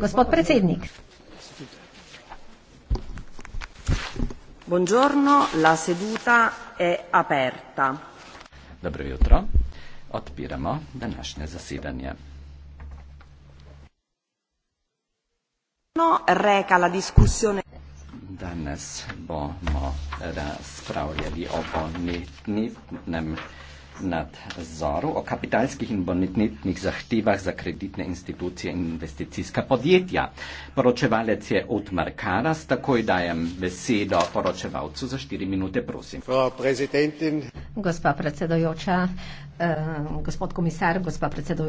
Gospod predsednik. Buongiorno, la seduta è aperta. Dobro jutro. Odpiramo današnje zasedanje. No, Danes bomo razpravljali o bonitnem eh, nadzoru o kapitalskih in bonitnetnih zahtevah za kreditne institucije in investicijska podjetja. Poročevalec je Otmar Karas, takoj dajem besedo poročevalcu za štiri minute, prosim. Gospa predsedujoča, eh, gospod komisar, gospa predsedujoča.